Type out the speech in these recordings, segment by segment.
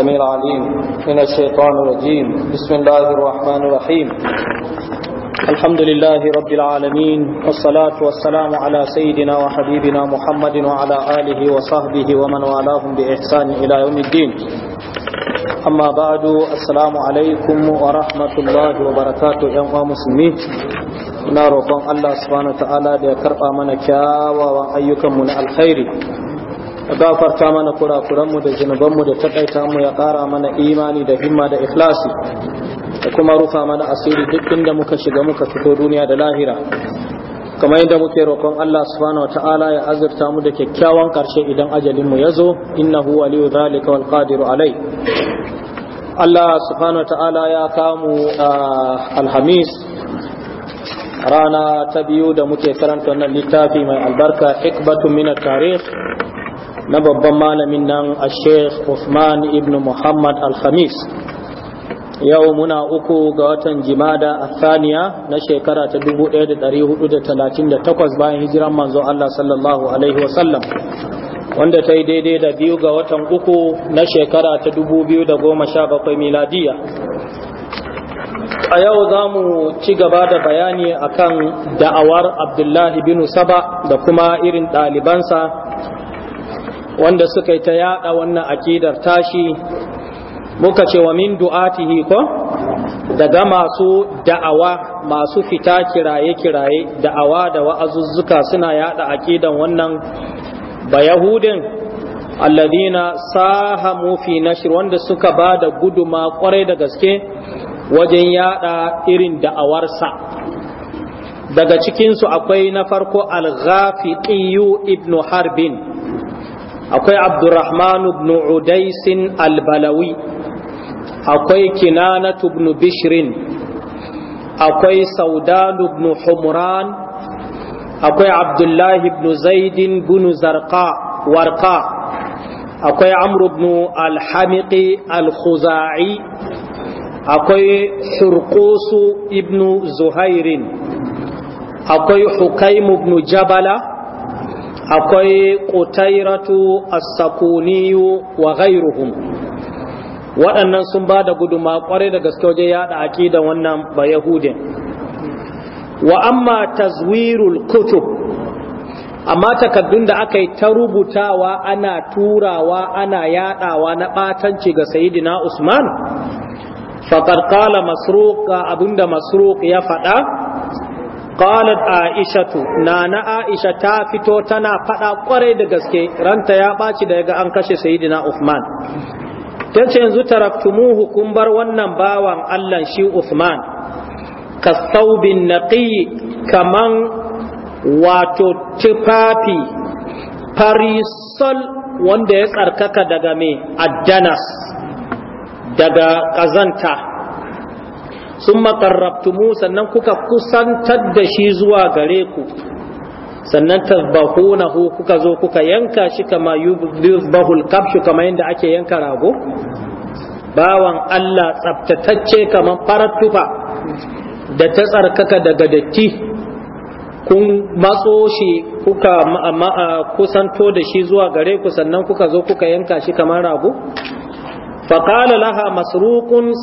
السميع العليم من الشيطان الرجيم بسم الله الرحمن الرحيم الحمد لله رب العالمين والصلاة والسلام على سيدنا وحبيبنا محمد وعلى آله وصحبه ومن والاهم بإحسان إلى يوم الدين أما بعد السلام عليكم ورحمة الله وبركاته يا مسلمين نارو الله سبحانه وتعالى ليكرأ da ya karɓa mana gafarta mana kurakuranmu da zunubanmu da takaita mu ya ƙara mana imani da himma da ikhlasi da kuma rufa mana asiri duk inda muka shiga muka fito duniya da lahira kamar yadda muke roƙon Allah subhanahu wata'ala ya azurta mu da kyakkyawan ƙarshe idan ajalin mu ya zo innahu waliyu zalika wal qadiru alai Allah subhanahu wata'ala ya kamu alhamis rana ta biyu da muke karanta wannan littafi mai albarka hikbatun minar tarikh na babban malamin nan a sheikh Uthman ibn Muhammad al-Khamis yau muna uku ga watan jimada a thaniya na shekara ta 1438 bayan hijiran manzo Allah sallallahu alaihi wasallam wanda ta yi daidai da biyu ga watan uku na shekara ta 2017 miladiya a yau za mu ci gaba da bayani akan da'awar abdullahi bin saba da kuma irin ɗalibansa wanda suka yi ta yada wannan akidar tashi muka ce wa min du'atihi ko daga masu da'awa masu fita kiraye-kiraye da'awa da wa'azuzzuka suna yada akidan wannan Ba bayahudin alladina sahamu fi nashr wanda suka ba da guduma kwarai da gaske wajen yada irin da'awarsa daga cikinsu akwai na farko al-ghafiqiyu ibnu harbin أكوي عبد الرحمن بن عديس البلوي أكوي كنانة بن بشر أكوي سودان بن حمران أكوي عبد الله بن زيد بن زرقاء ورقاء أكوي عمرو بن الحمق الخزاعي أكوي حرقوس بن زهير أكوي حكيم بن جبله akwai ƙutairatu as-sakuniyu wa ghairuhum waɗannan sun ba da guduma ƙwarai da gaske wajen yaɗa aƙidan wannan ba yahudin wa amma tazwirul kutub amma takaddun da aka yi ta rubutawa ana turawa ana yaɗawa na ɓatanci ga sayidina usman faƙar ƙala abinda masruƙ ya faɗa qalat aishatu nana aisha ta fito tana fada kwarai da gaske ranta ya baci da yaga an kashe sayyidina Uthman tace yanzu taraktumuhu kun bar wannan bawan Allah shi Uthman saubin naqi kaman wato tufafi farisal wanda ya tsarkaka daga me addanas daga kazanta sun makarrabtumu sannan kuka kusantar da shi zuwa gare ku sannan hu kuka zo kuka yanka shi kama yuzbahul kabshu kama yadda ake yanka rago bawan Allah tsabtatacce kaman farar tufa da ta tsarkaka daga datti kun matso shi kuka kusanto da shi zuwa gare ku sannan kuka zo kuka yanka shi kamar rago faƙala laha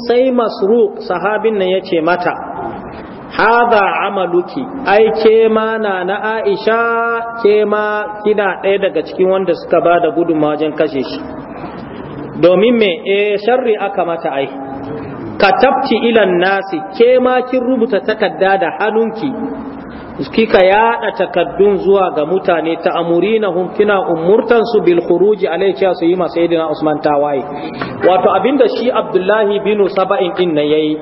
sai masruk sahabin nan ya mata haza amaluki ai ma na na aisha ke ma kina ɗaya daga cikin wanda suka ba da gudunmawa wajen kashe shi domin me e sharri aka mata ai katabti ilan nasi kema kin rubuta takarda da hannunki kika yaɗa takaddun zuwa ga mutane ta hum kina umurtansu bil khuruji alai cha su yi ma sayyidina Usman tawaye wato abinda shi Abdullahi bin Saba'in din nan yayi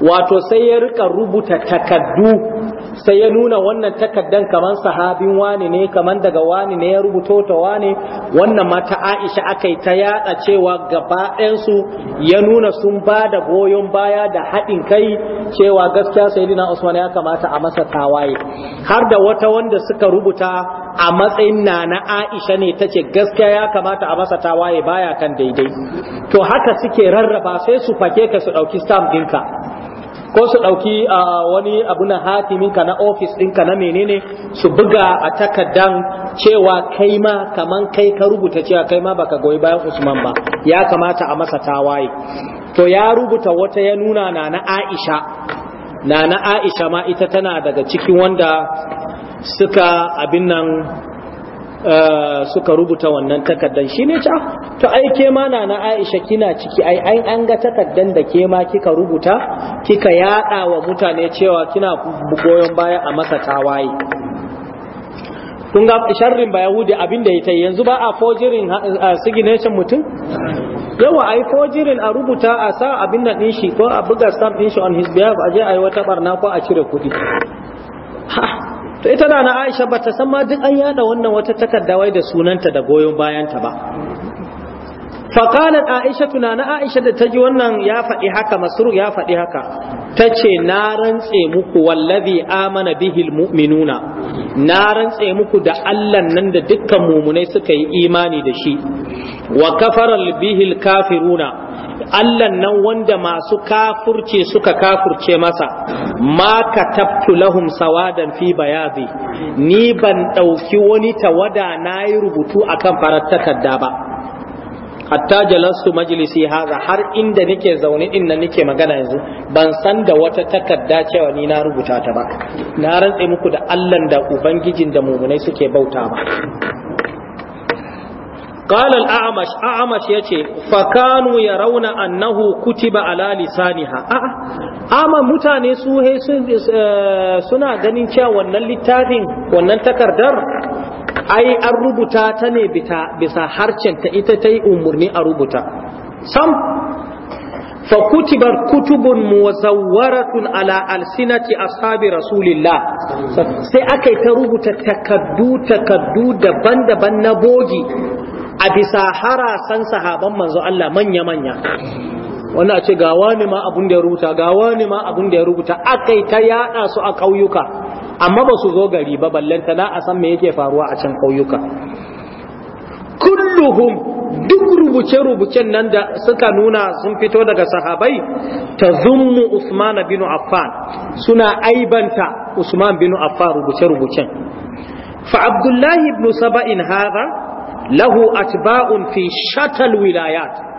wato sai ya rika rubuta takaddu sai ya nuna wannan takaddan kaman sahabin wani ne kaman daga wani ne ya rubuto ta wani wannan ma Aisha akai ta yada cewa gaba su ya nuna sun ba da goyon baya da haɗin kai cewa gaskiya sayyidina Usman ya kamata a masa tawaye har da wata wanda suka rubuta a matsayin na na Aisha ne ta ce gaskiya ya kamata a masa tawaye baya kan daidai to haka suke rarraba sai su fake ka su ɗauki stamp ɗinka ko su ɗauki wani abu na ka na ofis ɗinka na menene su buga a takardan cewa kai ma kaman kai ka rubuta cewa kai ma baka goyi bayan usman ba ya kamata a masa tawaye to ya rubuta wata ya nuna na na aisha na na aisha ma ita tana daga cikin wanda suka abin nan Eh, suka rubuta wannan takardan shi ne ah, to ai ke ma na Aisha kina ciki ai an an ga takardan da ke ma kika rubuta kika yada wa mutane cewa kina goyon baya a masa tawaye kun ga sharrin ba Yahudi abin da yayi yanzu ba a fojirin eh, signation mutum yawa ai fojirin a rubuta a sa abin da din shi ko a buga stamp din shi on his behalf a je ai wata barna ko a cire kuɗi to ita da na aisha ba ta san ma duk an yada wannan wata takarda da sunanta da goyon bayanta ba faƙalar aisha tuna aisha da ta ji wannan ya faɗi haka masruq ya faɗi haka ta ce na rantse muku wallazi amana bihil mu'minuna na rantse muku da allan nan da dukkan mumunai suka yi imani da shi wa kafara bihil kafiruna allan nan wanda masu kafurce suka kafurce masa ma katabtu lahum sawadan fi bayadi ni ban ɗauki wani tawada na yi rubutu akan farar takarda ba hatta jalastu majlisi haza har inda nake zaune din nan nake magana yanzu ban san da wata takarda cewa ni na rubuta ta ba na rantse muku da Allah da ubangijin da mumunai suke bauta ba yace fa kanu yarawna annahu kutiba ala lisaniha على amma mutane su he eh, suna ganin cewa wannan littafin wannan takardar ai an rubuta ta ne bisa harcen ta ita ta yi umarni a rubuta sam fa kutibar kutubun muwazawaratun ala alsinati ashabi rasulillah sai aka ta rubuta takaddu takaddu daban-daban na bogi a bisa harasan sahaban manzo Allah manya-manya wanda a ce ga wani ma abun da ya rubuta ga wani ma abun da ya rubuta aka ta yada su a ƙauyuka amma ba su zo gari ba ballantana a san me yake faruwa a can ƙauyuka kulluhum duk rubuce-rubucen nan da suka nuna sun fito daga sahabai ta zummu Usman bin Affan suna aibanta Usman bin Affan rubuce-rubucen fa Abdullahi ibn Saba'in hadha lahu atba'un fi shatal wilayat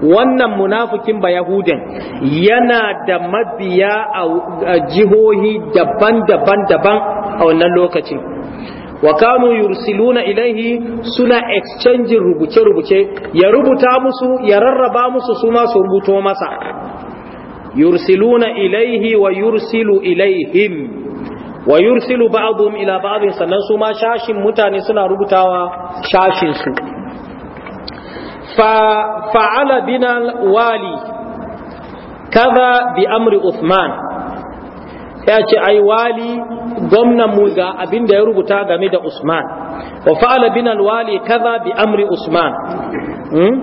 wannan munafikin ba yahudin yana da mabiya a jihohi daban-daban daban a wannan lokacin wa kanu yursiluna ilaihi suna exchange rubuce-rubuce ya rubuta musu ya rarraba musu su ma su rubuto masa yursiluna ilaihi wa yursilu ilaihim wa yursilu ba'dhum ila ba'dhin sannan su ma shashin mutane suna rubutawa shashin su fa'ala bina wali kaza bi amri Uthman ya ce ai wali gwamnan mu ga abin da ya rubuta game da Usman wa fa'ala bina wali kaza bi amri Usman hmm?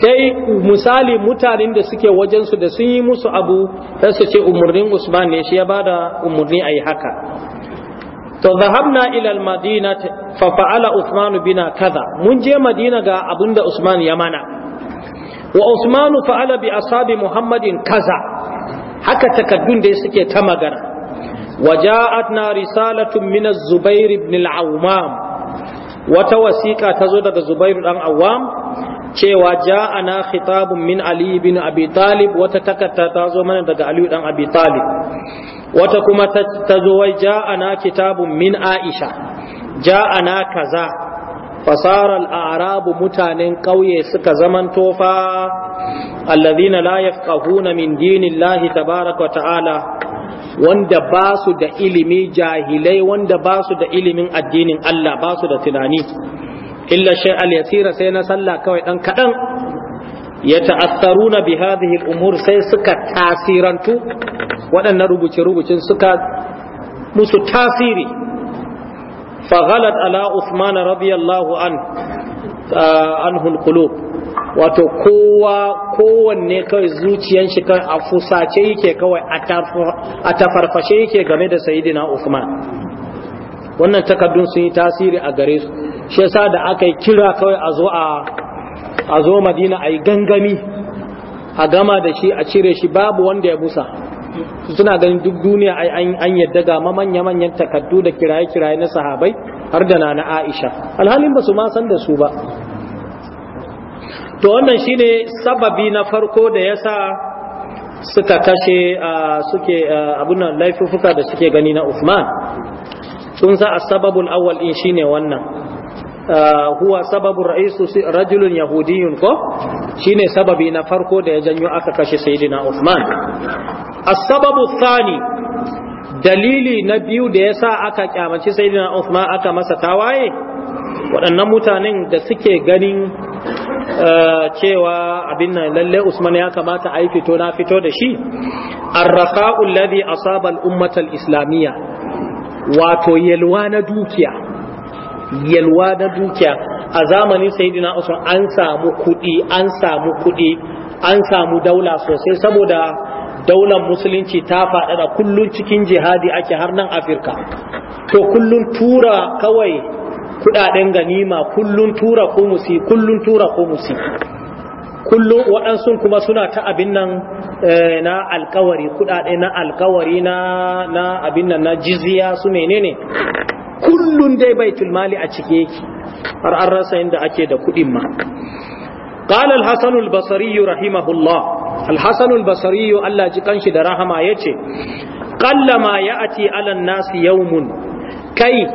sai misali mutanen da suke wajensu da sun yi musu abu sai su ce umarnin Usman ne shi ya bada umarni ai haka to zahabna ila al-madina fa fa'ala Usman bina kaza mun je Madina ga abinda Usman ya mana wa Usman fa'ala bi ashabi Muhammadin kaza haka takaddun da suke ta magana waja'atna risalatun min az-Zubair ibn al-Awwam wata wasiqa tazo daga Zubair dan Awwam cewa ja'ana khitabun min Ali ibn Abi Talib wata takarda tazo mana daga Ali dan Abi Talib wata kuma ta zo wai ana kitabun min aisha ja'ana kaza fasarar arabu mutanen ƙauye suka zaman tofa allazina la yafqahuna min dinillahi tabaraka ta'ala wanda ba su da ilimi jahilai wanda ba su da ilimin addinin Allah ba su da tunani illa shay al yasira sai na sallah kawai dan kadan ya ta'atharuna bi hadhihi al umur sai suka tasirantu waɗannan rubuce-rubucin suka musu tasiri faghalat ala Usman radiyallahu an uh, anhul qulub wato kowa kowanne kawai zuciyan shi kai a fusace yake kawai a tafarfashe yake game da sayidina Usman wannan takaddun sun yi tasiri a gare su shi yasa da aka kira kawai a zo a a zo Madina a yi gangami a gama da shi a cire shi babu wanda ya busa suna ganin duk duniya an yadda ga manya-manyan takaddu da kiraye-kiraye na sahabai har da na Aisha alhalin ba su ma san da su ba to wannan shine sababi na farko da yasa suka kashe suke abun abunan laifuka da suke gani na Uthman sun sa asbabul awwal in shine wannan huwa sababu ra'isu rajulun yahudiyun ko shine sababi na farko da ya janyo aka kashe sayyidina Uthman as-sababu thani dalili na biyu da yasa aka kyamaci sayyidina Uthman aka masa tawaye waɗannan mutanen da suke ganin eh, cewa abin nan lalle Usman ya kamata a yi fito na fito da shi arrafa'u alladhi asaba al-ummata al-islamiyya wato yalwa na dukiya yalwa na dukiya a zamanin sayyidina Usman an samu kuɗi an samu kuɗi an samu daula sosai saboda daular musulunci ta da kullun cikin jihadi ake har nan afirka to kullun tura kawai kudaden ganima kullum tura ko kumusi kullum tura ko kumusi kullum waɗansu kuma suna ta abin nan eh, na alkawari kudade na alkawari na abin nan na jizya su menene kullum dai baitul mali a cike yake har an rasa inda ake da kuɗin ma قال الحسن البصري رحمه الله الحسن البصري الله جكان شي درهما يچه قل ما ياتي على الناس يوم كي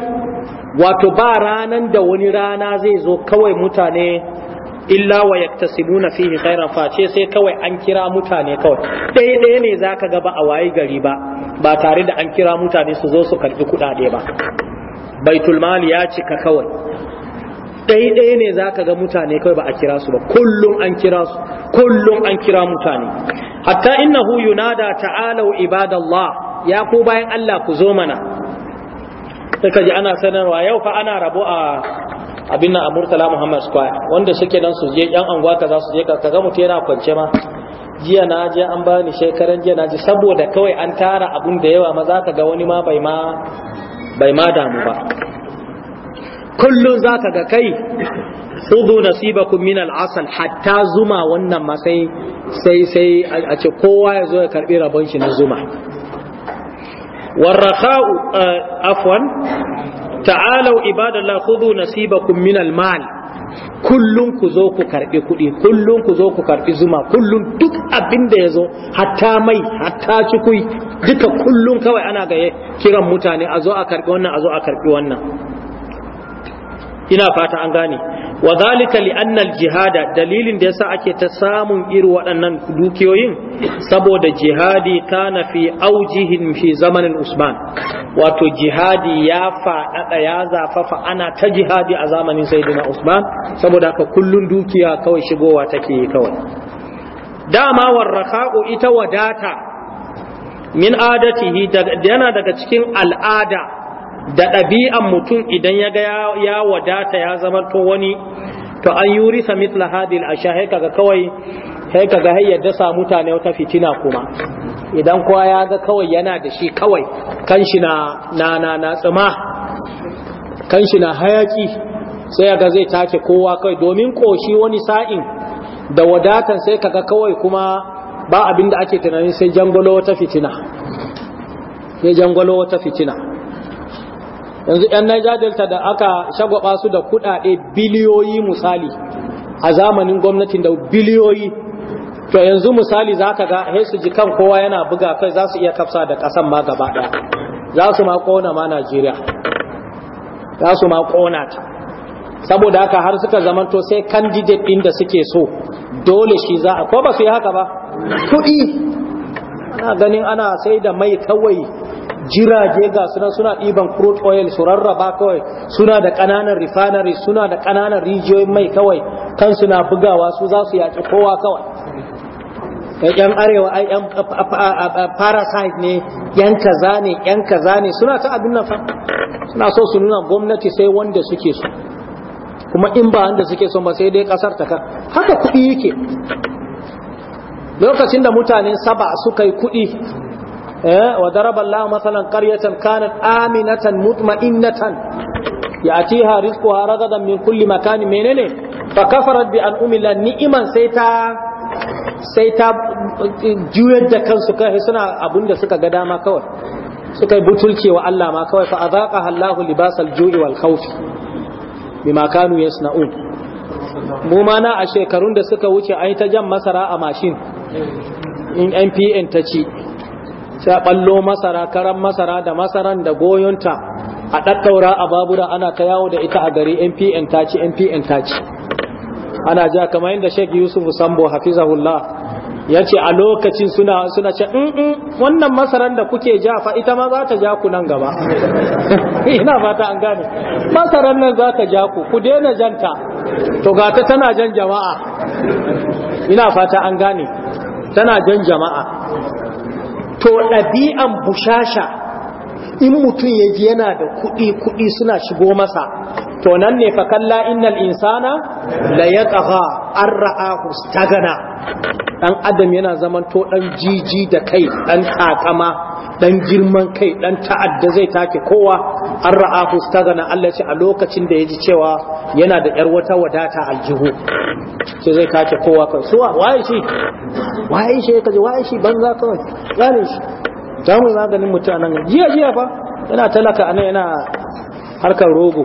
wato ba ranan da wani rana zai zo kawai mutane illa wa yaktasibuna fihi khairan face sai kawai an kira mutane kawai ɗaya ɗaya ne zaka ga ba a wayi gari ba ba tare da an kira mutane su zo su karbi kuɗaɗe ba baitul mali ya cika kawai ɗaiɗaya ne za ka ga mutane kawai ba a kira su ba kullum an kira su kullum an kira mutane hatta inna hu yunada ta'alau ibadallah ya ku bayan Allah ku zo mana sai ka ana sanarwa yau fa ana rabu a abin nan a murtala muhammad square wanda suke nan su je yan anguwa za su je ka ga mutum yana kwance ma jiya na je an bani shekaran jiya na ji saboda kawai an tara abun da yawa maza ka ga wani ma bai ma bai ma damu ba kullum za ka ga kai hudu nasiba min al'asal hatta zuma wannan masai sai sai a ce kowa ya zo ya karbi rabon shi na zuma warraka eh, afwan ta'alau ibadallah hudu nasibakum min al-mal kullun ku zo ku karbi kudi kullum ku zo ku karbi zuma kullum duk abin da yazo hatta mai hatta cikui duka kullum kawai ana ga kiran mutane a zo a karbi wannan a zo a karbi wannan ina fata an gane wa zalika li annal jihada dalilin da yasa ake ta samun irin waɗannan dukiyoyin saboda jihadi kana fi aujihin fi zamanin usman wato jihadi ya faɗaɗa ya zafafa ana ta jihadi a zamanin sayyidina usman saboda haka kullun dukiya kawai shigowa take kawai dama warraka'u ita wadata min adatihi yana daga cikin al'ada da ɗabi'an mutum idan ya ga ya wadata ya zama to wani to an yuri sa mitla hadil a sha kaga kawai sai kaga har yadda sa mutane wata fitina kuma idan kowa ya ga kawai yana da shi kawai kanshi na na na na tsima kanshi na hayaki sai ga zai take kowa kai domin koshi wani sa'in da wadatan sai kaga kawai kuma ba abin da ake tunanin sai jangolo wata fitina sai jangolo wata fitina yanzu yan Niger Delta da aka shagwaba su da kudade biliyoyi misali a zamanin gwamnatin da biliyoyi to yanzu misali za ka ga sai su ji kan kowa yana buga kai za su iya kafsa da kasan ma gaba daya za su ma kona ma Najeriya za su ma kona ta saboda haka har suka to sai candidate din da suke so dole shi za a ko ba su yi haka ba kuɗi ana ganin ana sai da mai kawai jirage ga suna suna ɗiban crude oil su rarraba kawai suna da ƙananan refinery suna da ƙananan rijiyoyin mai kawai kan suna bugawa su za su yaƙi kowa kawai yan arewa ai yan parasite ne yan kaza ne yan kaza ne suna ta abin nan fa suna so su nuna gwamnati sai wanda suke so kuma in ba wanda suke so ba sai dai kasar ta kan haka kuɗi yake lokacin da mutanen saba suka yi kuɗi Eh, wa daraba Allah masalan qaryatan kanat aminatan mutma'innatan ya'tiha rizquha ragadan min kulli makani menene fa kafarat bi an'umi la ni'man sai ta sai da kansu kai suna abunda suka ga dama kawai suka yi wa Allah ma kawai fa Allahu ju'i wal kanu mu ma a shekarun da suka wuce an yi ta jan masara a mashin in NPN ta ci sai a ballo masara karan masara da masaran da goyonta a ɗaɗɗaura a babura ana ta yawo da ita a gari npn ta ci npn ta ci ana ja kamar yadda Sheikh yusuf sambo hafizahullah ya ce a lokacin suna suna ce mm, mm, wannan masaran da kuke ja fa ita ma za ta ja ku nan gaba ina fata an gane masaran nan za ta ja ku ku daina janta to ga ta tana jan jama'a ina fata an gane tana jan jama'a to ɗabi'an bushasha in mutum ya ji yana da kuɗi kuɗi suna shigo masa to nan ne fa kalla innal insana la yaqha an ra'ahu stagana dan adam yana zaman to dan jiji da kai dan takama dan girman kai dan ta'adda zai take kowa an ra'ahu stagana Allah ce a lokacin da yaji cewa yana da yar wata wadata aljihu sai zai take kowa kan suwa waye shi waye shi kaje waye shi banza kawai zalin shi za mu za ganin mutum a nan jiya jiya ba yana talaka a nan yana harkar rogo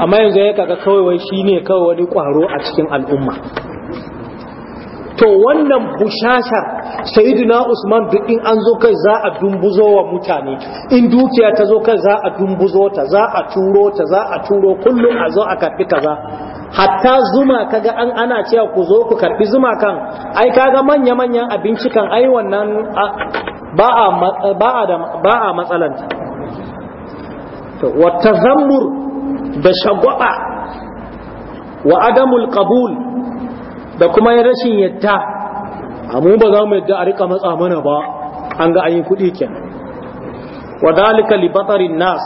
amma yanzu ya kaga kawai wai shi kawai wani kwaro a cikin al'umma to wannan bushasha sayyidina usman duk in an zo kai za a dumbuzo wa mutane in dukiya ta zo kai za a dumbuzo ta za a turo ta za a turo kullum a zo a karfi kaza hatta zuma kaga an ana cewa ku zo ku karbi zuma kan ai kaga manya manyan abinci kan ai wannan ba a matsalanta wata zambur da shagwaba wa adamul qabul da kuma rashin yadda amma ba za mu yadda a rika matsa mana ba an ga ayin kuɗi kenan wa dalika li batarin nas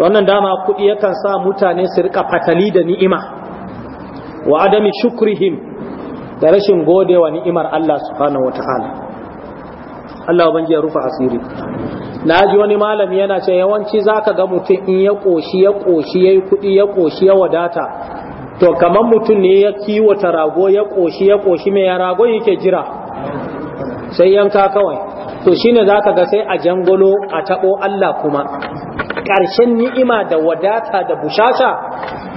wannan dama kuɗi yakan sa mutane su rika fatali da ni'ima wa adami shukrihim da rashin godewa ni'imar Allah subhanahu wataala Allah ubangiji ya rufa asiri na ji wani malami yana ce yawanci zaka ga mutum in ya koshi ya koshi yayi kudi ya koshi ya wadata to kamar mutum ne ya kiwata rago ya koshi ya koshi mai ya rago yake jira sai yanka kawai to shine zaka ga sai a jangolo a tabo Allah kuma karshen ni'ima da wadata da bushasha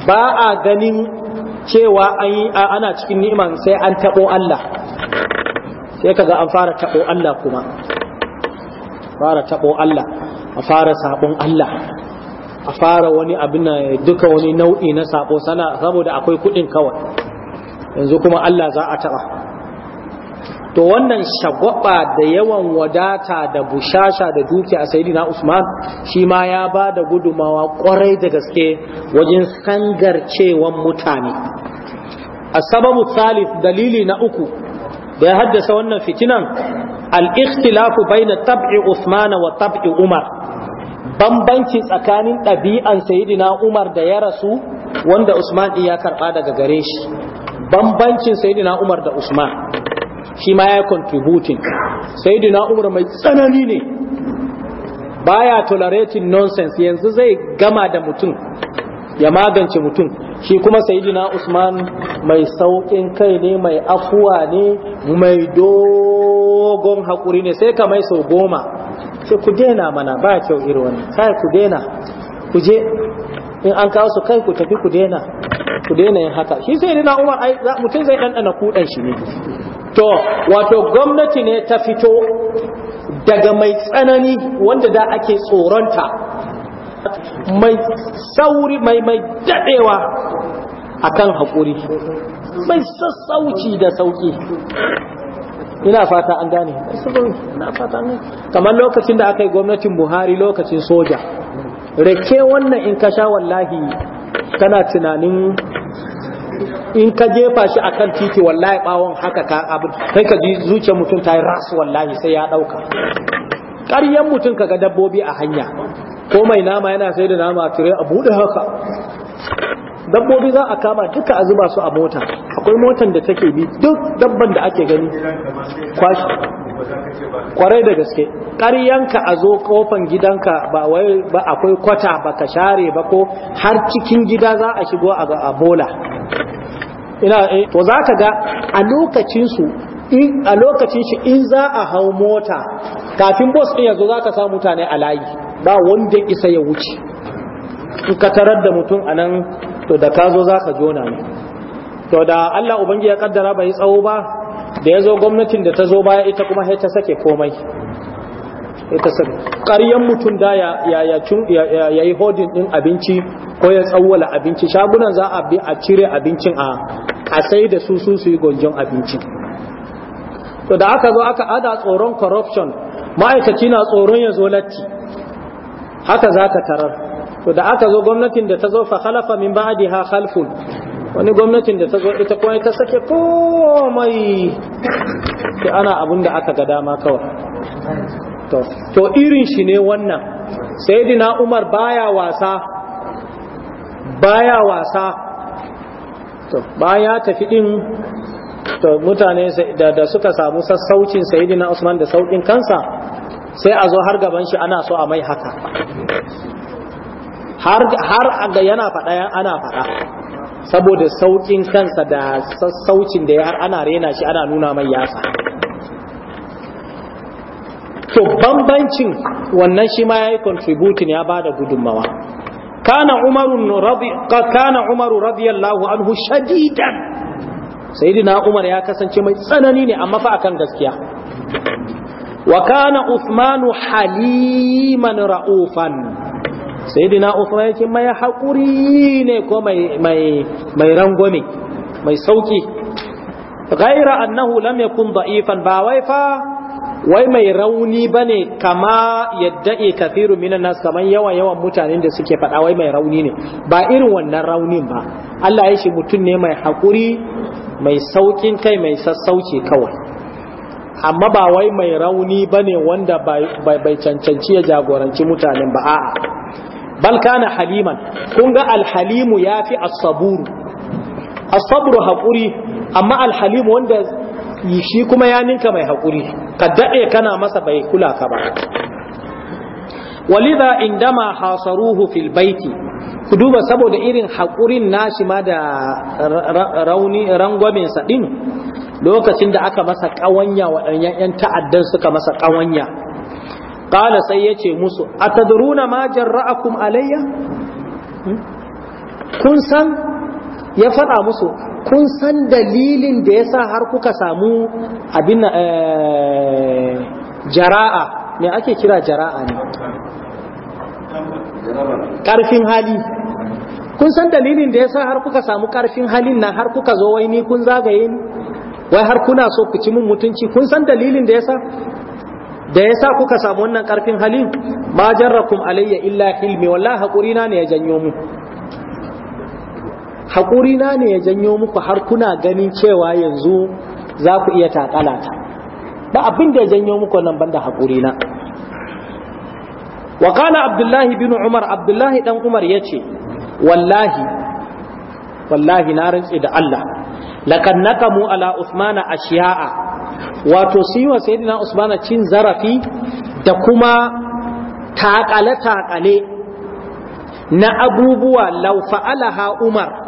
ba a ganin cewa ana cikin ni'iman sai an tabo Allah sai ga an fara tabo Allah kuma fara tabo Allah a fara sabon Allah a fara wani abin duka wani nau'i na sabo sana saboda akwai kudin kawai yanzu kuma Allah za a taba to wannan shagwaba da yawan wadata da bushasha da duki a sayidina Usman shi ma ya ba da gudumawa kwarai da gaske wajen sangarcewan mutane a sababu salif dalili na uku da ya haddasa wannan fitinan al-ikhtilafu baina tab'i Uthman wa tab'i Umar bambanci tsakanin ɗabi'an sayidina Umar da ya rasu wanda Usman ya karɓa daga gare shi bambancin sayidina Umar da Usman shi ma ya contributing sayidina Umar mai tsanani ne baya tolerating nonsense yanzu zai gama da mutum ya magance mutum shi kuma sayidina usman mai sauƙin kai ne mai afuwa ne mai dogon haƙuri ne sai ka mai sau goma sai ku daina mana ba kyau irin wani sai ku daina ku je in an kawo su kai ku tafi ku daina ku daina yin haka shi sai dina umar ai mutum zai ɗanɗana kuɗan shi ne to wato gwamnati ne ta fito daga mai tsanani wanda da ake tsoronta mai sauri mai mai dadewa akan hakuri mai sassauci da sauki ina fata an gane kamar lokacin da aka yi gwamnatin Buhari lokacin soja rake wannan in ka sha wallahi kana tunanin in ka jefa shi akan titi wallahi bawon haka ka abin sai ka ji zuciyar mutum ta yi ras wallahi sai ya dauka ƙaryan mutum ka ga dabbobi a hanya ko mai nama yana sai da nama a a buɗe haka dabbobi za a kama duka a zuba su a mota akwai motan da take bi duk dabban da ake gani kwashi kwarai da gaske ƙaryanka a zo kofan gidanka ba wai ba akwai kwata ba ka share ba ko har cikin gida za a shigo a bola ina eh, to za ka ga a lokacinsu a lokacin shi in za a hau mota kafin bus ɗin yanzu za ka sa mutane a layi ba wanda isa ya wuce in ka tarar da mutum a nan to da ka zo za ka jona ne to da Allah ubangi ya kaddara bai tsawo ba da ya zo gwamnatin da ta zo baya ita kuma sai ta sake komai ita ƙaryan mutum da ya ya yi hodin ɗin abinci ko ya tsawwala abinci shagunan za a bi a cire abincin a a sai da su su su yi gonjon abinci. to da aka zo aka ada tsoron corruption ma'aikaci na tsoron ya zo latti haka za ka tarar to da aka zo gwamnatin da ta zo fa khalafa min ba'diha khalfun wani gwamnatin da ta zo ita kuma ta sake komai to ana abun da aka ga dama kawai to to irin shi ne wannan sayyidina Umar baya wasa baya wasa to baya tafi din to mutane da suka samu sassaucin sayidina usman da saukin kansa sai a zo har gaban shi ana so a mai haka har ga yana faɗa ana faɗa saboda saukin kansa da sassaucin da ya har ana rena shi ana nuna mai yasa to bambancin wannan shi ma ya yi contributing ya ba da gudunmawa kana umaru radiyallahu anhu shadidan sayyidina umar ya kasance mai tsanani ne amma fa akan gaskiya wa kana usmanu haliman ra'ufan sayyidina usman yake mai hakuri ne ko mai mai mai rangwame mai sauki ghaira annahu lam yakun da'ifan ba wai fa wai mai rauni bane kama yadda e kafiru minan nas kaman yawan yawan mutanen da suke faɗa wai mai rauni ne ba irin wannan raunin ba Allah ya shi mutum ne mai hakuri mai saukin kai mai sassauci kawai amma ba wai mai rauni bane wanda bai cancanci ya jagoranci mutanen ba a'a bal kana haliman kun ga alhalimu ya fi as asaburu haƙuri amma alhalimu wanda shi kuma ya ninka mai haƙuri ka daɗe kana masa bai kula ka ba walida indama hasaruhu fil baiti ku duba saboda irin hakurin nashi ma da rauni rangwamen sa din lokacin da aka masa ƙawanya waɗannan yan ta'addan suka masa ƙawanya qala sai yace musu atadruna ma jarra'akum alayya hmm? kun san ya faɗa musu kun san dalilin da yasa har kuka samu abin eh, jara'a me ake kira jara'a ne karfin hali kun san dalilin da ya sa har kuka samu karfin halin nan har kuka zo wai ni kun zagaye ni wai har kuna so ku ci mun mutunci kun san dalilin da ya sa? da ya sa kuka samu wannan karfin halin ma jarrakum alayya illa hilmi wallahi hakuri na ne ya janyo mu hakuri na ne ya janyo muku har kuna ganin cewa yanzu za ku iya takalata ta ba abin da ya janyo muku nan banda haƙuri na wa kana abdullahi bin umar abdullahi dan umar ya ce wallahi wallahi na rantse da allah lakan nakamu ala usmana shiya'a. wato su yi wa usmana cin zarafi da kuma taƙale-taƙale na abubuwa laufa'alaha umar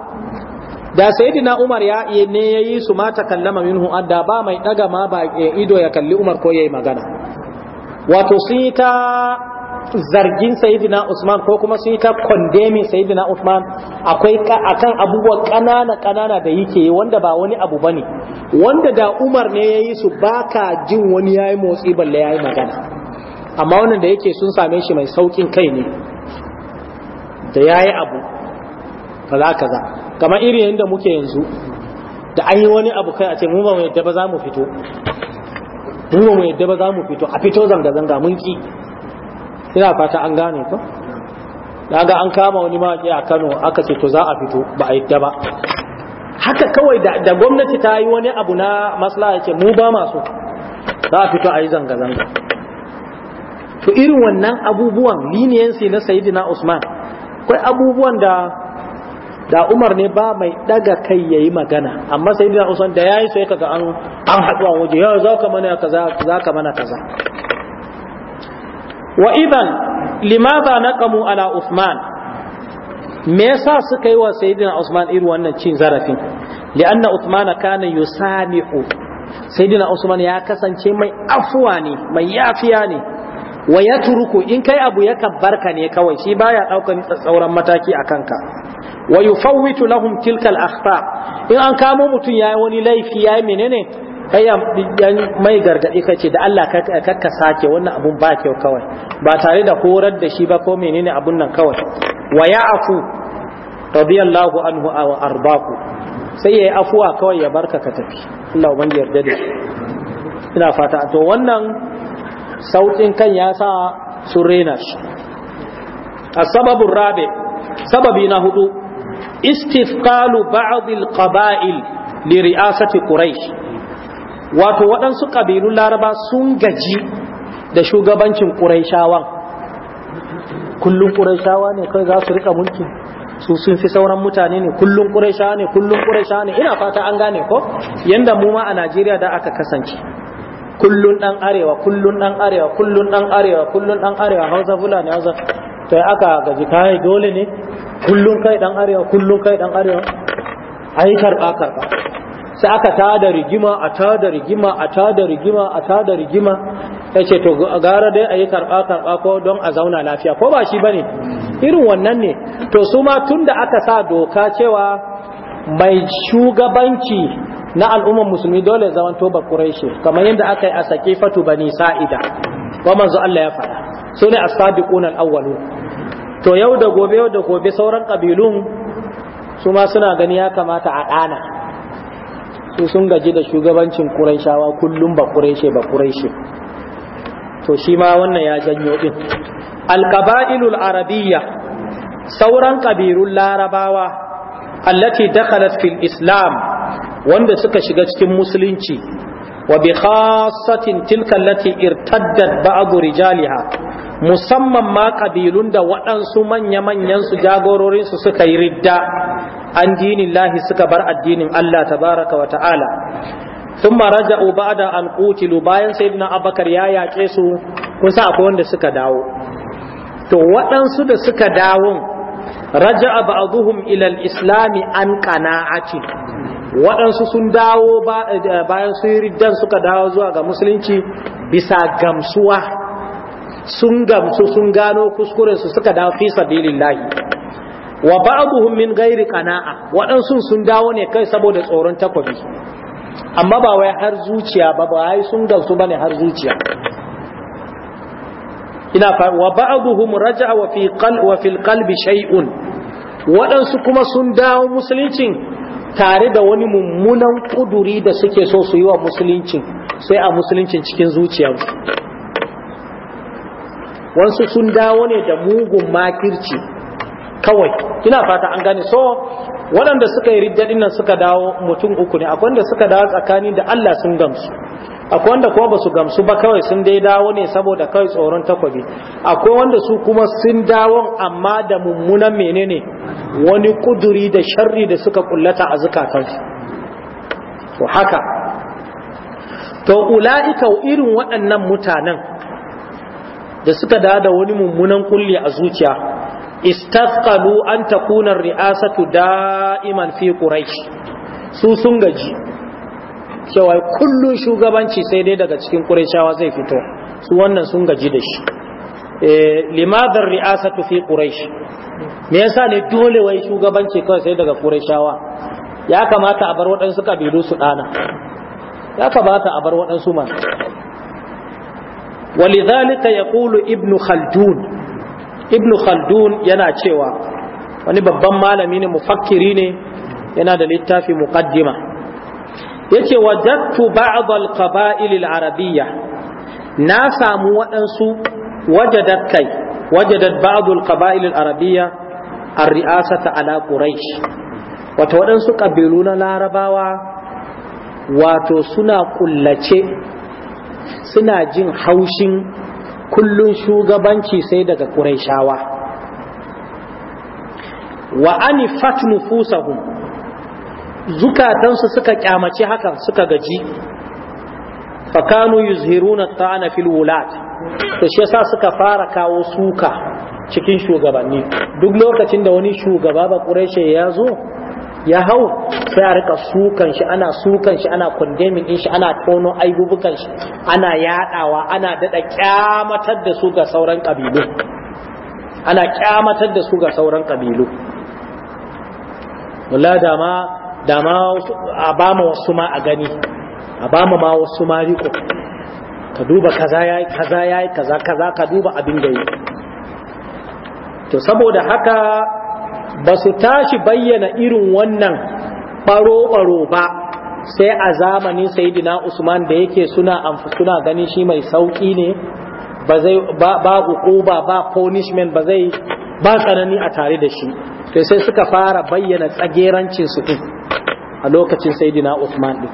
da sayyidina Umar ya ne yayi su ma takallama minhu adda ba mai daga ma ba ido ya kalli Umar ko yayi magana wato sun ta zargin sayyidina Usman ko kuma sun yi ta kwandemin sayyidina Usman akwai akan abubuwa kanana kanana da yake wanda ba wani abu bane wanda da Umar ne yayi su baka jin wani yayi motsi balle yayi magana amma wannan da yake sun same shi mai saukin kai ne da yayi abu kaza kaza kamar irin yadda muke yanzu da an yi wani abu kai a ce mu ba mu yadda ba za mu fito mu ba mu yadda ba za mu fito a fito zanga zanga mun ki ina fata an gane ko daga an kama wani ke a Kano aka ce to za a fito ba a yadda ba haka kawai da gwamnati ta yi wani abu na maslaha ce mu ba masu za a fito a yi zanga zanga to irin wannan abubuwan leniency na Sayyidina Usman akwai abubuwan da da umar ne ba mai daga kai ya yi magana amma sai dina usman da ya yi sai kaga an an a waje yau za ka mana kaza za ka mana kaza wa idan limaza naqamu ala usman me yasa suka yi wa sayyidina usman irin wannan cin zarafin li'anna usman kana yusamihu sayyidina usman ya kasance mai afuwa ne mai yafiya ne wa ya in kai abu ya kabbarka ne kawai shi baya daukan tsauran mataki a kanka wa yufawwitu lahum tilkal akhta in an kamo mutum yayi wani laifi yayi menene kai mai gargadi kace da Allah kakka sake wannan abun ba kyau kawai ba tare da horar da shi ba ko menene abun nan kawai wa ya'fu radiyallahu anhu wa arbaku sai yayi afuwa kawai ya barka ka tafi ina fata to wannan sautin kan ya sa sun shi a rabe sababi na hudu istifqalu ba'd al-qaba'il li ri'asati quraish wato waɗansu ƙabilun laraba sun gaji da shugabancin ƙuraishawan kullum ƙuraishawa ne kai za su rika mulki su sun fi sauran mutane ne kullum ƙuraishawa ne kullum ƙuraishawa ne ina fata an gane ko yanda mu ma a Najeriya da aka kasance kullun dan arewa kullun dan arewa kullun dan arewa kullun dan arewa Hausa Fulani Hausa sai aka gaji kai dole ne kullun kai dan arewa kullun kai dan arewa ai karba karba sai aka tada rigima a tada rigima a tada rigima a tada rigima sai ce to gara dai ayi karba karba ko don a zauna lafiya ko ba shi bane irin wannan ne to su ma tunda aka sa doka cewa mai shugabanci na al'ummar musulmi dole zaman toba kureshi kamar yadda aka yi a sake fatu bani sa'ida wa manzo Allah ya fara sune ne as-sabiqun al-awwalun to yau da gobe yau da gobe sauran ƙabilun su ma suna gani ya kamata a ɗana su sun gaji da shugabancin ƙuraishawa kullum ba ƙureshe ba ƙureshe to shi ma wannan ya janyo ɗin alƙaba'ilul arabiyya sauran ƙabilun larabawa allati dakhalat fil islam wanda suka shiga cikin musulunci wa bi khassatin tilka allati irtaddat ba'd rijaliha musamman ma kabilun da waɗansu manya manyan su jagororinsu suka yi ridda an dinin lahi suka bar addinin Allah tabaraka wa ta'ala sun Raja'u ba da an kutilu bayan sayyidina abakar ya yaƙe su kun sa akwai wanda suka dawo to waɗansu da suka dawo, raja'a ba'dhum ilal islami an qana'ati waɗansu sun dawo eh, bayan su yi riddan suka dawo zuwa ga musulunci bisa gamsuwa sun gamsu sun gano kuskuren su suka dawo fi sabilillahi wa ba'dhum min ghairi qana'a waɗansu sun dawo ne kai saboda tsoron takobi amma ba wai har zuciya ba ba ai sun gamsu bane har zuciya ina fa wa ba'dhum raja'a wa fi qalbi wa fil qalbi shay'un waɗansu kuma sun dawo musuluncin tare da wani mummunan kuduri da suke so su yi wa musuluncin sai a musuluncin cikin zuciyarsu wansu sun dawo ne da mugun makirci kawai ina fata an gane so waɗanda suka yi riddadin nan suka dawo mutum uku ne akwai wanda suka dawo tsakanin da Allah sun gamsu akwai wanda kuma basu gamsu ba kawai sun dai dawo ne saboda kawai tsoron takwabi akwai wanda su kuma sun dawo amma da mummunan menene wani kuduri da sharri da suka kullata a zukatansu to haka to ula'ika irin waɗannan mutanen da suka da da wani mummunan kulli a zuciya istafqalu an takuna ri'asatu da'iman fi quraish su sun gaji cewa kullun shugabanci sai dai daga cikin quraishawa zai fito su wannan sun gaji da shi eh, ar ri'asatu fi quraish me yasa ne dole wai shugabanci kawai sai daga quraishawa ya kamata a bar waɗansu kabilu su dana ya kamata a bar waɗansu ma? walidhalika yaqulu ibnu khaldun ibnu khaldun yana cewa wani babban malami ne mufakkiri ne yana da littafi muqaddima yace wajadtu ba'd al-qaba'il al-arabiyya na samu waɗansu wajadat kai wajadat ba'd al-qaba'il al-arabiyya ar-ri'asata ala quraish wato waɗansu ƙabilu na larabawa wato suna kullace suna jin haushin kullun shugabanci sai daga ƙuraishawa wa ani fatnu nufusahum zukatansu suka kyamaci haka suka gaji fakanu yuzhiruna ta'ana fil wulat to shi yasa suka fara kawo suka cikin shugabanni duk lokacin da wani shugaba ba ƙuraishe ya zo ya hau sai a rika sukan shi ana sukan shi ana kundemin din shi ana tono aibubukan shi ana yadawa ana dada kyamatar da su ga sauran kabilu ana kyamatar da su ga sauran kabilu Wala dama dama a bama wasu ma a gani a bama ma wasu ma riko ka duba kaza yayi kaza yayi kaza kaza ka duba abin da yi to saboda haka ba su tashi bayyana irin wannan ɓaro-ɓaro ba sai a zamanin sayidina usman da yake suna suna gani shi mai sauƙi ne ba zai ba ba punishment ba zai ba tsanani a tare da shi to sai suka fara bayyana tsagerancin su din a lokacin sayidina usman din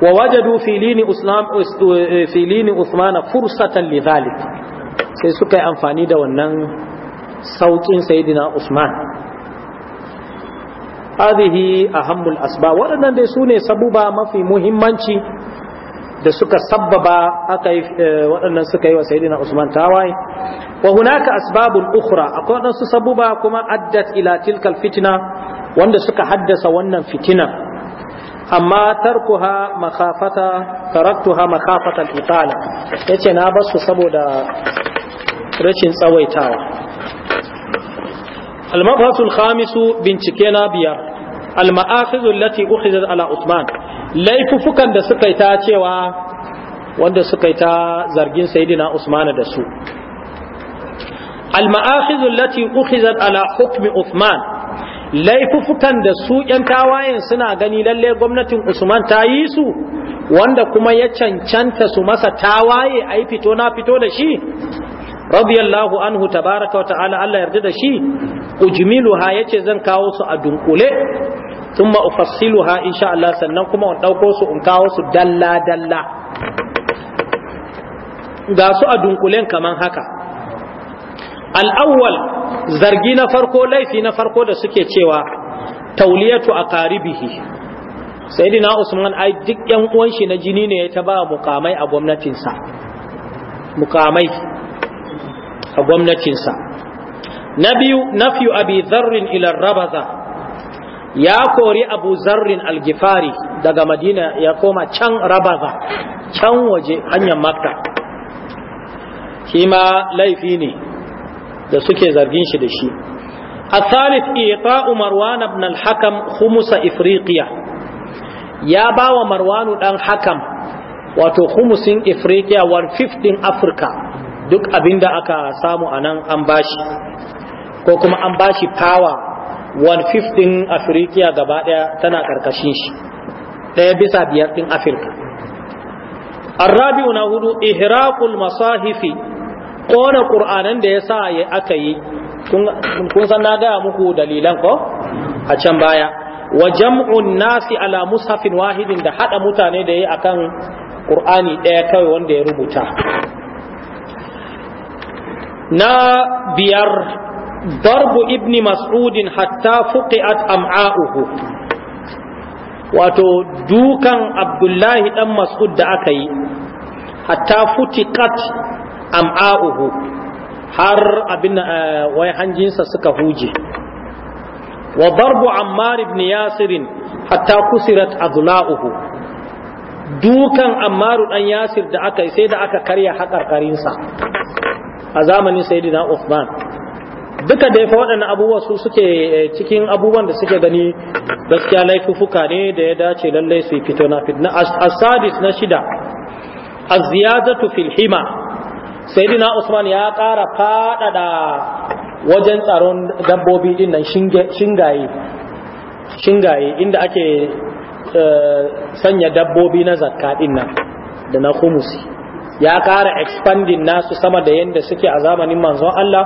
wa wajadu filini usman eh, filini usman fursatan lidhalik sai suka yi amfani da wannan saukin sayyidina Usman hadhihi ahammul asba waɗannan dai sune sabuba mafi muhimmanci da suka sabbaba aka yi eh, waɗannan suka yi wa sayyidina Usman tawaye wa hunaka asbabun ukhra akwai waɗansu sabuba kuma addat ila tilkal fitna wanda suka haddasa wannan fitina amma tarkuha makhafata taraktuha makhafata al-itala yace na basu saboda rashin tsawaitawa المبحث الخامس بنشكينا بيار المآخذ التي أخذت على عثمان ليف ليففكا دا سكيتا تيوا وان سكيتا زرجين سيدنا عثمان دا سو المآخذ التي أخذت على حكم عثمان ليف da su سو tawayen suna سنا غني gwamnatin Usman ta yi su wanda kuma ya cancanta su masa tawaye a fito na fito radiyallahu anhu tabaraka wa ta'ala Allah yarda da shi ujmiluha yace zan kawo su a dunkule thumma ufassiluha insha Allah sannan kuma wan dauko su in kawo su dalla dalla ga su a dunkulen kaman haka al-awwal zargi na farko laifi na farko da suke cewa tauliyatu aqaribihi sayyidina usman ai duk yan uwan shi na jini ne ya ta ba mukamai a sa mukamai a gwamnatinsa na biyu nafiyu abi zarrin ila rabaza ya kori abu zarrin algifari daga madina ya koma can rabaza can waje hanyar makka shi ma laifi ne da suke zargin shi da shi الثالث إعطاء مروان بن الحكم humusa Ifriqiya ya ba wa marwanu ɗan hakam wato humusin Ifriqiya war 15 afirka duk abin da aka samu a nan an bashi ko kuma an bashi power one fifth din afirikiya gaba daya tana karkashin shi daya bisa biyar din afirka arrabi na hudu ihraqul masahifi kona qur'anan da yasa ya aka yi kun san na gaya muku dalilan ko a can baya wa jam'un nasi ala mushafin wahidin da hada mutane da yi akan qur'ani daya kawai wanda ya rubuta na biyar darbu ibn mas'udin hatta fuqi'at am'a'uhu wato dukan abdullahi dan mas'ud da aka yi hatta futiqat am'a'uhu har abin eh, wai hanjinsa suka huje wa darbu ammar ibn yasirin hatta kusirat adla'uhu dukan ammaru dan yasir da aka yi sai da aka karya haƙarƙarinsa a zamanin sayyidina Uthman duka dai fa waɗannan abubuwa su suke eh, cikin abubuwan da suke gani gaskiya laifufuka ne da ya dace lallai su fito na fitna asadis na shida az-ziyadatu fil hima sayyidina Uthman ya ƙara faɗaɗa wajen tsaron dabbobi din nan shingaye shingaye inda ake eh, sanya dabbobi na zakka din nan da na kumusi ya kara expanding nasu sama da yadda suke a zamanin manzon Allah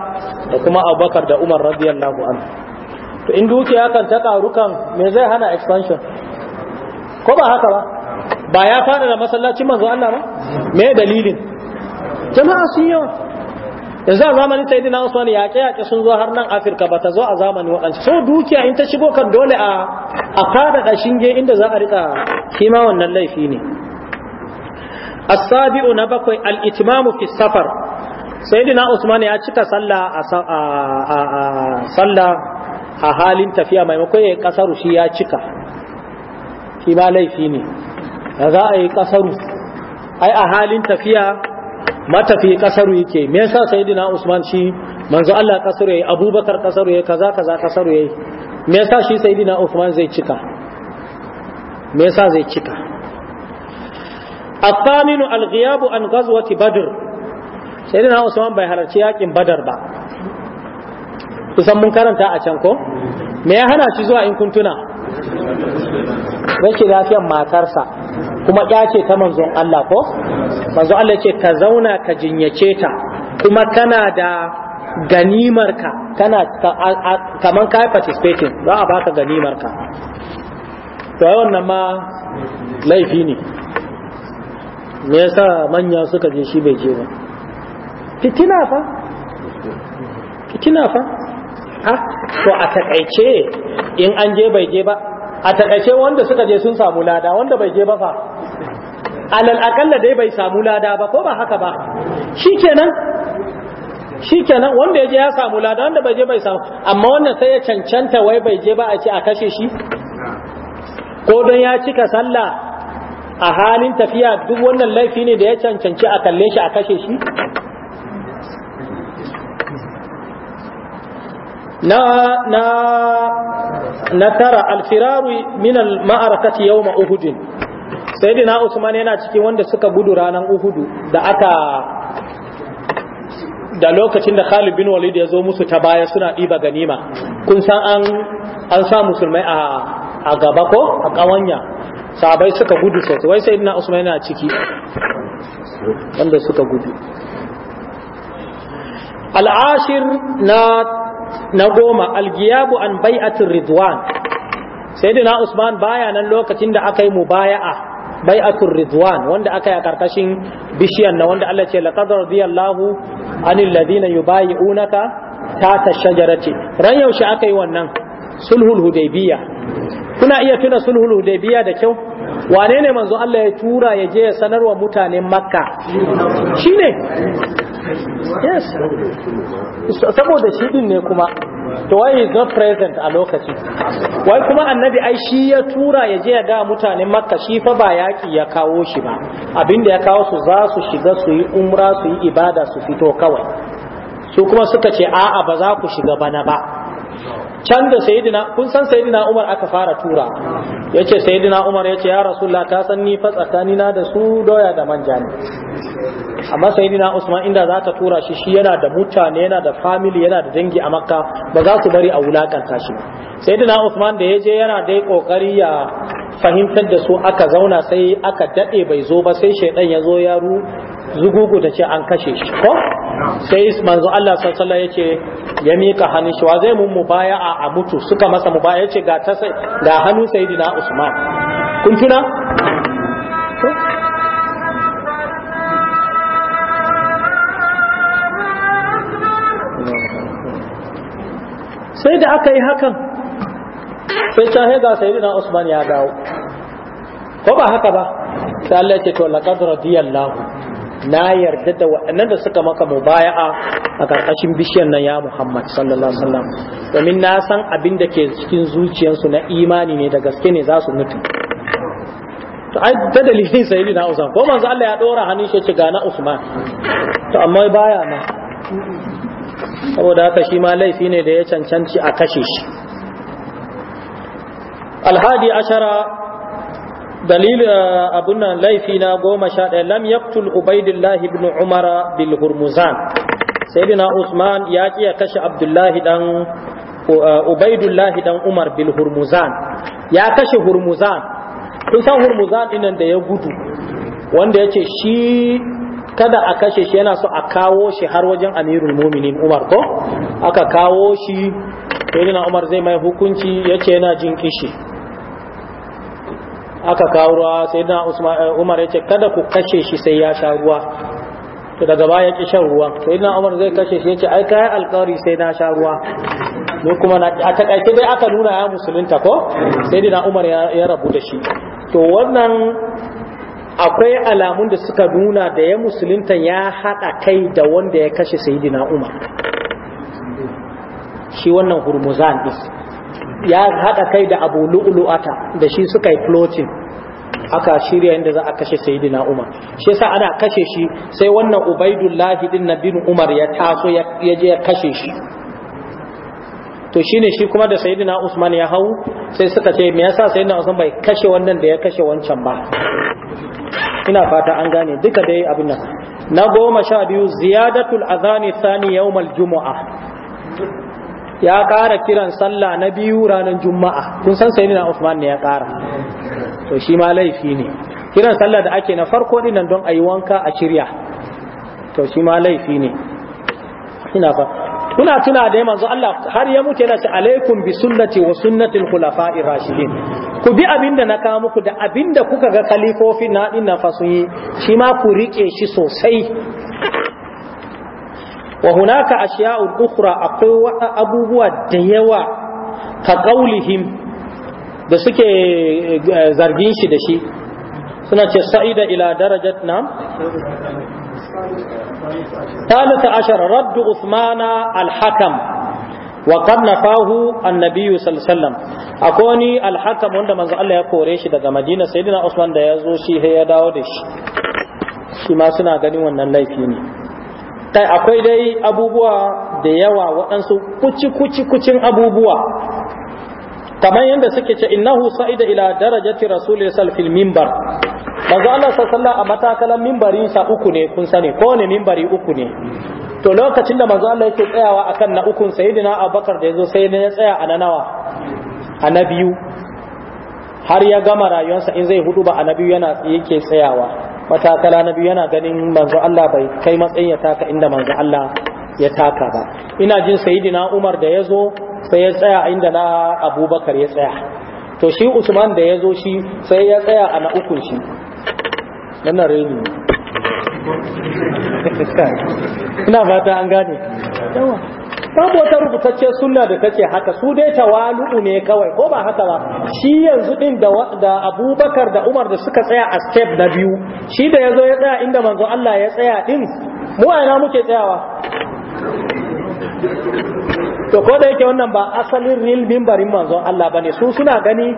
da kuma abubakar da umar radiyallahu anhu to in dukiya kan ta karu kan me zai hana expansion ko ba haka ba ba ya fada da masallacin manzon Allah ba me dalilin jama'a sun yawa yanzu a zamanin sayyidina Usman yaƙe yaƙe sun zo har nan Afirka ba ta zo a zamanin waɗansu so dukiya in ta shigo kan dole a a fada da shinge inda za a rika shi ma wannan laifi ne as-sabi'u na bakwai al-itmamu fi safar sayyidina usman ya cika sallah a sallah a halin tafiya maimakon ya yi kasaru shi ya cika shi ma laifi ne da za a yi kasaru ai a halin tafiya matafi kasaru yake me yasa sayyidina usman shi manzo Allah kasaru ya yi, abubakar kasaru ya yi, kaza kaza kasaru ya yi, me sa shi sayyidina usman zai cika me sa zai cika الثامن الغياب عن غزوة بدر سيدنا عثمان bai halarci yakin badar ba kusan mun karanta a can ko me ya hana shi zuwa in kuntuna rashin lafiyar matarsa kuma ya ce ta manzon Allah ko manzon Allah ce ka zauna ka jinyace ta kuma kana da ganimarka kana kaman ka participating za a baka ganimarka to wannan ma laifi ne me yasa manya suka je shi bai je ba fitina fa fitina fa ha to a takaice in an je bai je ba a takaice wanda suka je sun samu lada wanda bai je ba fa alal akalla dai bai samu lada ba ko ba haka ba shikenan shikenan wanda ya je ya samu lada wanda bai je bai samu amma wannan sai ya cancanta wai bai je ba a ce a kashe shi ko don ya cika sallah a halin tafiya duk wannan laifi ne da ya cancanci a kalle shi a kashe shi na na na tara alfiraru min al-ma'arakati yawma uhud sayyidina usman yana cikin wanda suka gudu ranar uhudu da aka da lokacin da Khalid bin Walid ya zo musu ta baya suna ɗiba ganima kun san an sa musulmai a a gaba ko a ƙawanya Sabai suka gudu sosai wai sai ina usman yana ciki wanda suka gudu al'ashir na na goma algiyabu an bai'atin ridwan sayyidina usman baya nan lokacin da aka yi mubaya'a bai'atul ridwan wanda aka yi a karkashin bishiyan na wanda Allah ce laqad radiyallahu anil ladina yubayi'unaka ta ta shajarati ran yaushe aka yi wannan sulhul hudaybiya kuna iya tuna sulhul hudaybiya da kyau wane ne manzo Allah ya tura ya je ya sanarwa mutanen makka shine yes saboda shi din ne kuma to why is not present a lokaci wai kuma annabi ai shi ya tura ya je ya ga mutanen makka shi fa ba yaki ya kawo shi ba abinda ya kawo su za su shiga su yi umra su yi ibada su fito kawai su kuma suka ce a'a ba za ku shiga bana ba can da sayyidina kun san sayyidina Umar aka fara tura yace sayyidina Umar yace ya rasulullah ta san ni fa tsakanina da su doya da manja ne amma sayyidina Usman inda za ta tura shi shi yana da mutane yana da family yana da dangi a Makka ba za su bari a wulakanta shi sayyidina Usman da yaje yana dai kokari ya fahimtar da su aka zauna sai aka dade bai zo ba sai shaidan ya zo ya zugugu ta ce an kashe shi ko sai manzo Allah sallallahu ya ce ya mika hannu shi wa zai mun mubaya'a a mutu suka masa mubaya'a Yace ga ta sai ga hannu sayyidina Usman kun tuna sai da aka yi hakan sai ta ga sayyidina Usman ya dawo ko ba haka ba sai Allah ya ce to laqad radiyallahu na yarda da waɗannan da suka maka baya a ƙarƙashin bishiyar nan ya Muhammad sallallahu alaihi wasallam domin na san abin da ke cikin zuciyarsu na imani ne da gaske ne za su mutu to ai da dalilin sayyidi na Usman ko manzo Allah ya dora hannun shi ce ga na Usman to amma baya ma saboda haka shi ma laifi ne da ya cancanci a kashe shi alhadi ashara dalil eh, abun nan laifi na goma sha ɗaya lam yaktul ubaidillahi ibn umara bil hurmuzan sayyidina usman ya ƙi ya kashe abdullahi dan eh, ubaidullahi dan umar bil hurmuzan ya kashe hurmuzan kusan hurmuzan dinan da ya gudu wanda yace shi kada a kashe shi yana so a kawo shi har wajen amirul muminin umar ko aka kawo shi sayyidina umar zai mai hukunci yace yana jin kishi aka kawo ruwa sai na eh, umar ya ce kada ku kashe shi sai ya sha ruwa to daga baya ya ki shan ruwa sai na umar zai kashe shi ya ce ai kai alƙawari sai na sha ruwa ne kuma na a takaice dai aka nuna ya musulunta ko sai dina umar ya rabu da shi to wannan akwai alamun da suka nuna da ya musulunta ya haɗa kai da wanda ya kashe Sayyidina umar shi wannan hurmuzan din ya haɗa kai da abu ata da shi suka yi floating aka shirya inda za a kashe sayidina umar shi yasa ana kashe shi sai wannan ubaidullahi din na bin umar ya taso ya je ya kashe shi to shine shi kuma da sayidina usman ya hau sai suka ce me yasa sayidina usman bai kashe wannan da ya kashe wancan ba ina fata an gane duka dai abin nan na goma sha biyu ziyadatul azani thani yawmal jumu'ah ya ƙara kiran sallah na biyu ranar juma'a kun san sai na Usman ne ya ƙara to shi ma laifi ne kiran sallah da ake na farko dinnan don yi wanka a shirya to shi ma laifi ne ina fa kuna tuna da manzo Allah har ya mutu na ce alaikum bi sunnati wa sunnati al-khulafa'i rashidin ku bi abinda na kawo muku da abinda kuka ga khalifofi na dinnan fa sun shi ma ku rike shi sosai wa hunaka ashiya'u ukhra akwai abubuwa da yawa ka qaulihim da suke eh, zargin shi da shi suna ce sa'ida ila darajat na ثالث عشر رد عثمان الحكم وقد نفاه النبي صلى الله عليه وسلم اكوني الحكم wanda manzo Allah ya kore shi daga Madina sayyidina Usman da ya zo shi ya dawo da shi shi ma suna ganin wannan laifi ne dai akwai dai abubuwa da yawa waɗansu kuci kuci kucin abubuwa kamar yadda suke ce innahu sa'ida ila darajati rasulil salfil mimbar manzo Allah sallallahu a matakalan mimbarin sa uku ne kun sani ko ne mimbari uku ne to lokacin da manzo Allah yake tsayawa akan na ukun sayyidina Abubakar da yazo sai ne ya tsaya a nawa a na har ya gama rayuwarsa in zai hudu ba a na yana yake tsayawa matakala na biyu yana ganin manzo Allah bai kai matsayin ya taka inda manzo Allah ya taka ba ina jin Sayyidina Umar da yazo zo sai ya tsaya inda na Abubakar ya tsaya to shi Usman da yazo shi sai ya tsaya a na ukun shi nan reni ina fata an gane yawa babu wata rubutacce sunna da ce haka su dai tawalu'u ne kawai ko ba haka ba shi yanzu din da da Abubakar da Umar da suka tsaya a step na biyu shi da yazo ya tsaya inda manzo Allah ya tsaya din mu ina muke tsayawa to ko da yake wannan ba asalin real mimbarin manzon Allah bane su suna gani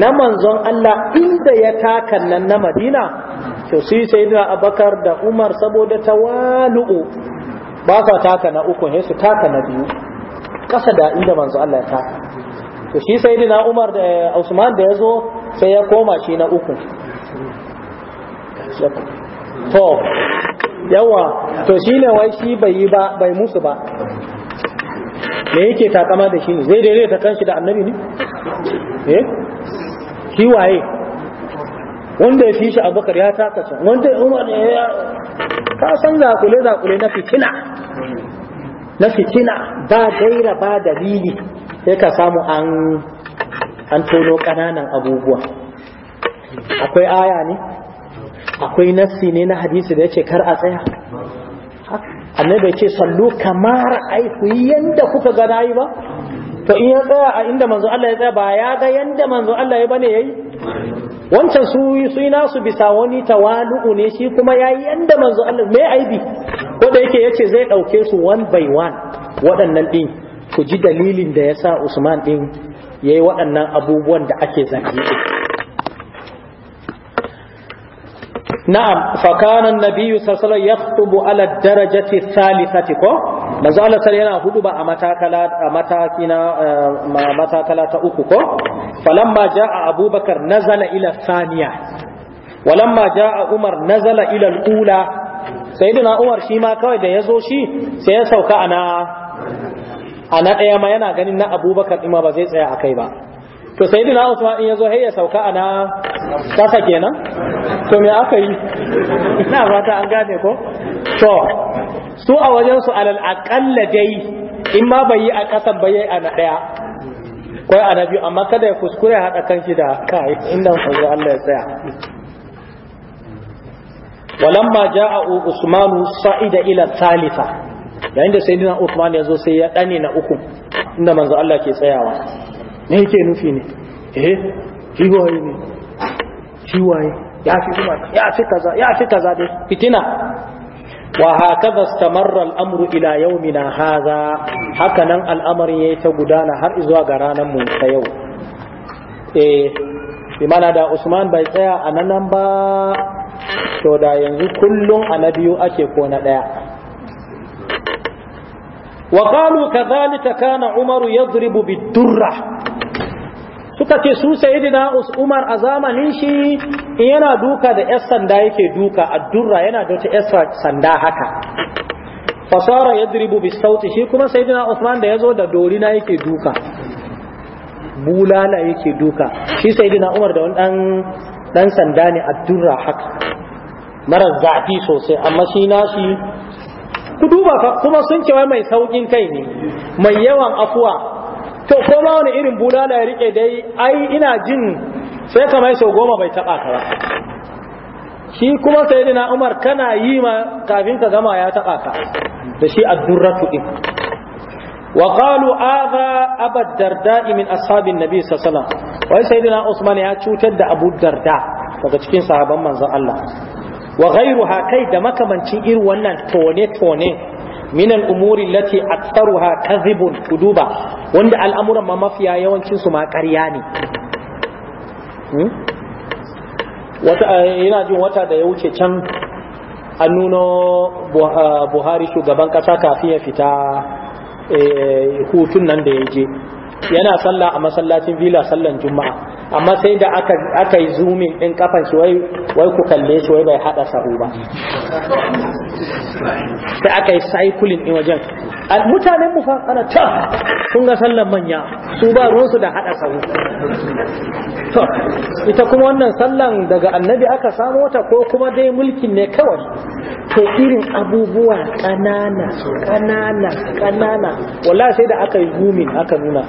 na manzon Allah inda ya taka nan na Madina to sai sayyidina Abubakar da Umar saboda tawalu ba sa taka na uku ne su taka na biyu kasa da inda manzo Allah ya taka to shi sai dina Umar da eh, Usman da ya zo sai ya koma shi na uku to yawa to shi ne wai shi bai yi ba bai musu ba me yake takama da shi ne zai daidai ta kanshi da annabi ne eh shi waye wanda ya fi shi abubakar ya taka can wanda umar ya ka san zakule zakule na fitina na fitina ba daira ba dalili sai ka samu an an tono ƙananan abubuwa akwai aya ne akwai nassi ne na hadisi da yace kar a tsaya annabi ya ce sallu kamar ai ku yanda kuka ga nayi ba to in ya tsaya a inda manzo Allah ya tsaya ba ya ga yanda manzo Allah ya bane yayi wancan su su ina su bisa wani tawalu ne shi kuma yayi yanda manzo Allah me aibi ko da yake yace zai dauke su one by one waɗannan din ku ji dalilin da yasa Usman din yayi waɗannan abubuwan da ake zargi na'am fakana nabiyyu sallallahu alaihi yakhutubu ala darajati thalithati ko manzo Allah sai yana huduba a matakala a mataki na eh, matakala ta uku ko falamma jaa abubakar nazala ila thaniya walamma jaa umar nazala ila al-ula sayyidina umar shi ma kawai da yazo shi sai ya sauka ana ana daya ma yana ganin na abubakar din ma ba zai tsaya akai ba to sayyidina usman yazo hey ya sauka ana kasa kenan to me aka yi na fata an gane ko to su a wajen su alal aqalla dai in ma bai yi a kasa bai yi a na daya ko a na biyu amma kada ya kuskure hada kan shi da kai inda manzo Allah ya tsaya walamma ja'a usmanu sa'ida ila thalitha yayin da sayyidina usman ya zo sai ya dane na uku inda manzo Allah ke tsayawa me yake nufi ne eh shi waye ne shi waye ya fi kaza da fitina wa haka istamarra al-amru ila yawmina hadha haka nan al'amarin yi ta gudana har zuwa ga ranar mu ta yau eh imana da Usman bai tsaya a nan ba to da yanzu kullum a na biyu ake ko na ɗaya. wa ka zalita kana umaru yadribu bi durra suka ce su Sayyidina Umar a zamanin shi yana duka da yar sanda yake duka addurra yana da wata yar sanda haka fasara yadribu bisauti shi kuma Sayyidina Usman da yazo da dorina yake duka bulala yake duka shi Sayyidina Umar da wani dan sanda ne addurra haka mara zafi sosai amma shi nashi ku duba kuma sun ce mai saukin kai ne mai yawan afuwa to koma wani irin bulala ya rike dai ai ina jin sai kamar sau goma bai taba ka ba shi kuma sai umar kana yi ma kafin ka gama ya taba ka da shi addurratu din wa qalu adha abu darda min ashabin nabi wai sayyidina usman ya cutar da abu darda daga cikin sahabban manzon Allah wa ghairuha kai da makamancin irin wannan tone tone min al-umuri allati aktharuha kadhibun kuduba wanda al'amuran ma mafiya yawancinsu ma ƙarya ne Yana hmm? eh, jin wata da ya wuce can an nuno eh, Buhari shugaban ƙasa kafin ya fita eh, hutun nan da ya je yana sallah a masallacin villa sallan juma'a amma sai da aka aka yi in din kafan shi wai ku kalle shi wai bai haɗa sahu ba sai aka yi cycling din wajen mutanen mu ana ta sun ga sallan manya su ba ruwansu da haɗa sahu ita kuma wannan sallan daga annabi aka samo wata ko kuma dai mulkin ne kawai to irin abubuwa ƙanana, ƙanana, ƙanana. wallahi sai da aka yi zoomin aka nuna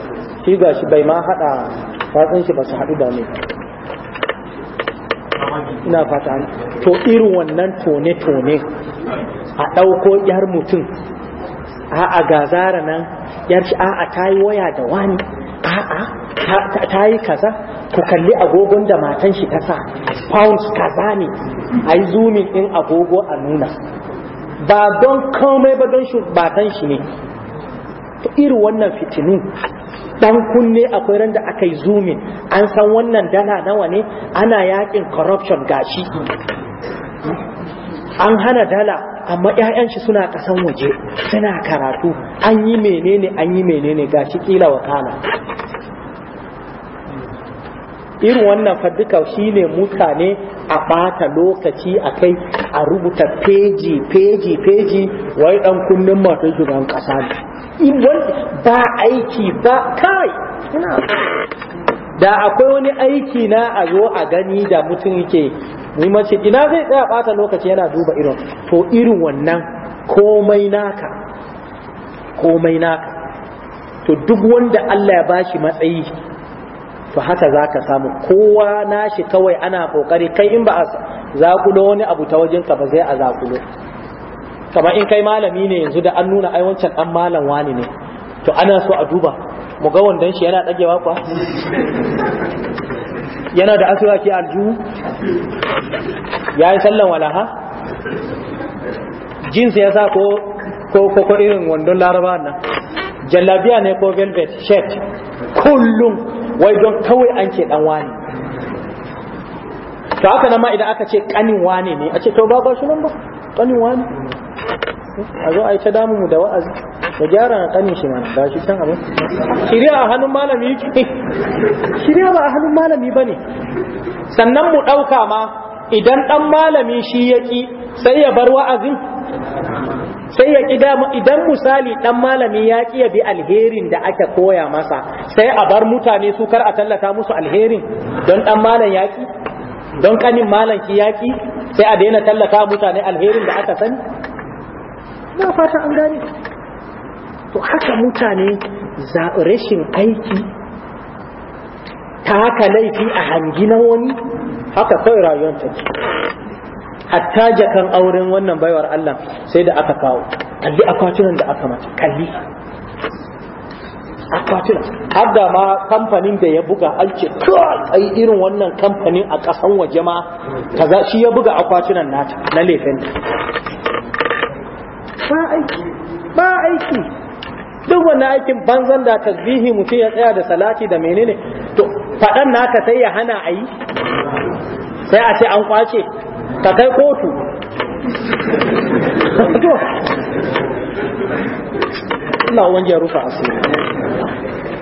shi bai ma hada fatsan ba su haɗu da ne ina fata to irin wannan tone-tone a ɗauko yar mutum a'a ga zara nan yar shi a'a ta yi waya da wani a'a ta yi kaza ku kalli agogon da matan shi ta sa pounds kaza ne a yi zumin ɗin agogo a nuna ba don komai ba don shi batan shi ne irin wannan fitinin dan kunne akwai ran da aka yi zumin an san wannan dala nawa ne ana yakin corruption gashi an hana dala amma 'ya'yan shi suna kasan waje suna karatu an yi menene an yi menene gashi kila wakala irin wannan faddika shine mutane a ɓata lokaci akai a rubuta peji peji peji wai ɗan kunnen masu shugaban ƙasa ne ba aiki ba kai da akwai wani aiki na a zo a gani da mutum yake mace ina zai tsaya bata lokaci yana duba irin to irin wannan komai naka komai naka to duk wanda Allah ya bashi matsayi to haka za ka samu kowa nashi kawai ana kokari kai in ba a zakulo wani abu ta wajen wajenka ba sai a zakulo kamar in kai malami ne yanzu da an nuna ai wancan dan malam wani ne to ana so a duba mu ga wandan shi yana dagewa kwa yana da asuwa ke aljuhu ya yi sallan walaha sai ya sa ko ko ko irin wandon laraba nan jallabiya ne ko velvet shirt kullum wai don kawai an ce dan wani to haka nan ma idan aka ce kanin wani ne a ce to ba ba shi nan ba kanin wani a zo a yi ta damu da wa'azi da gyara na kanin shi mana da shi can abin shirya a hannun malami shirya ba a hannun malami ba ne sannan mu ɗauka ma idan ɗan malami shi ya ƙi sai ya bar wa'azin sai ya ƙida idan misali ɗan malami ya ƙi ya bi alherin da aka koya masa sai a bar mutane su kar a tallata musu alherin don ɗan malam ya ƙi don ƙanin malam ki ya ƙi sai a daina tallata mutane alherin da aka sani na fata an gane to haka mutane rashin aiki ta haka laifi a hanginan wani haka kawai rayuwar ce hatta jakan auren wannan baiwar Allah sai da aka kawo kalli akwatunan da aka mata kalli akwatunan har da ma kamfanin da ya buga alce ai irin wannan kamfanin a kasan waje ma kaza shi ya buga akwatunan nata na lefenta ba aiki ba aiki duk wani aikin banzan da tasbihi mutum ya tsaya da salati da menene to faɗan naka sai ya hana a yi sai a ce an kwace ka kai kotu to Allah wanda ya rufa asiri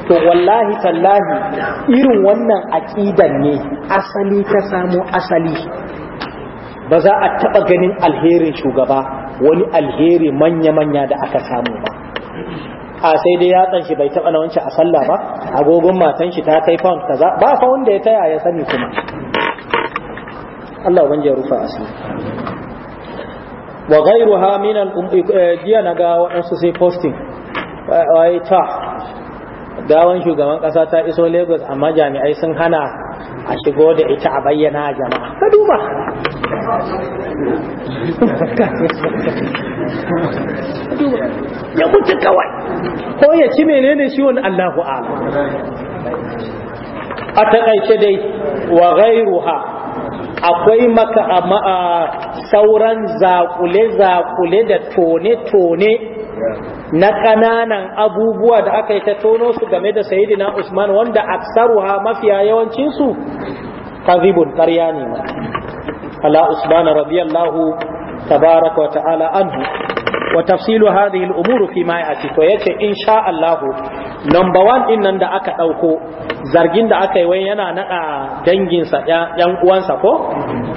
to wallahi tallahi irin wannan aƙidan ne asali ta samu asali ba za a taba ganin alherin shugaba wani alheri manya-manya da aka samu ba a sai dai ya tsanshi bai taɓa na wancan a sallah ba agogon matan shi ta kai pound kaza ba fa wanda ya taya ya sani kuma Allah ubangiji ya rufa asiri wa gairu min al eh, jiya na ga waɗansu sai posting wai ta gawan shugaban ƙasa ta iso Lagos amma jami'ai sun hana a shigo da ita a bayyana jama'a ka duba ya mutu kawai ko ya ci menene shi wani Allahu ala a taƙaice dai wa ha, akwai maka a sauran zakule-zakule da tone-tone na ƙananan abubuwa da aka yi ta tono su game da Sayyidina usman wanda aksaruha mafiya yawancinsu kazibun ƙarya ne ma على عثمان رضي الله تبارك وتعالى عنه وتفصيل هذه الأمور فيما يأتي ويأتي إن شاء الله number one in nan da aka ɗauko zargin da aka yi wai yana naɗa danginsa ‘yan uwansa ko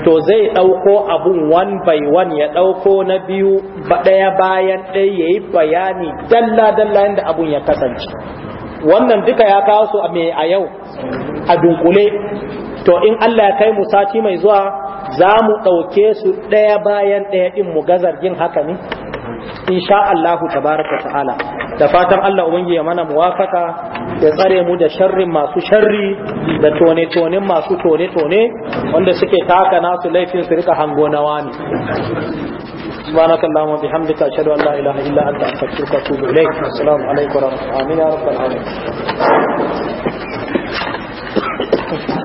to zai ɗauko abun one by one ya ɗauko na biyu ɗaya bayan ɗaya ya yi bayani dalla-dalla yadda abun ya kasance wannan duka ya kawo su a yau a dunkule to in Allah ya kai mu sati mai zuwa za mu ɗauke su ɗaya bayan ɗaya ɗin mu gazar yin haka ne insha Allahu tabaraka ta'ala da fatan Allah ubangi ya mana muwafaka ya tsare mu da sharrin masu sharri da tone tone masu tone tone wanda suke taka nasu laifin su rika hango na wani bihamdika ashhadu an la ilaha illa anta astaghfiruka wa atubu ilayk assalamu alaykum wa rahmatullahi wa barakatuh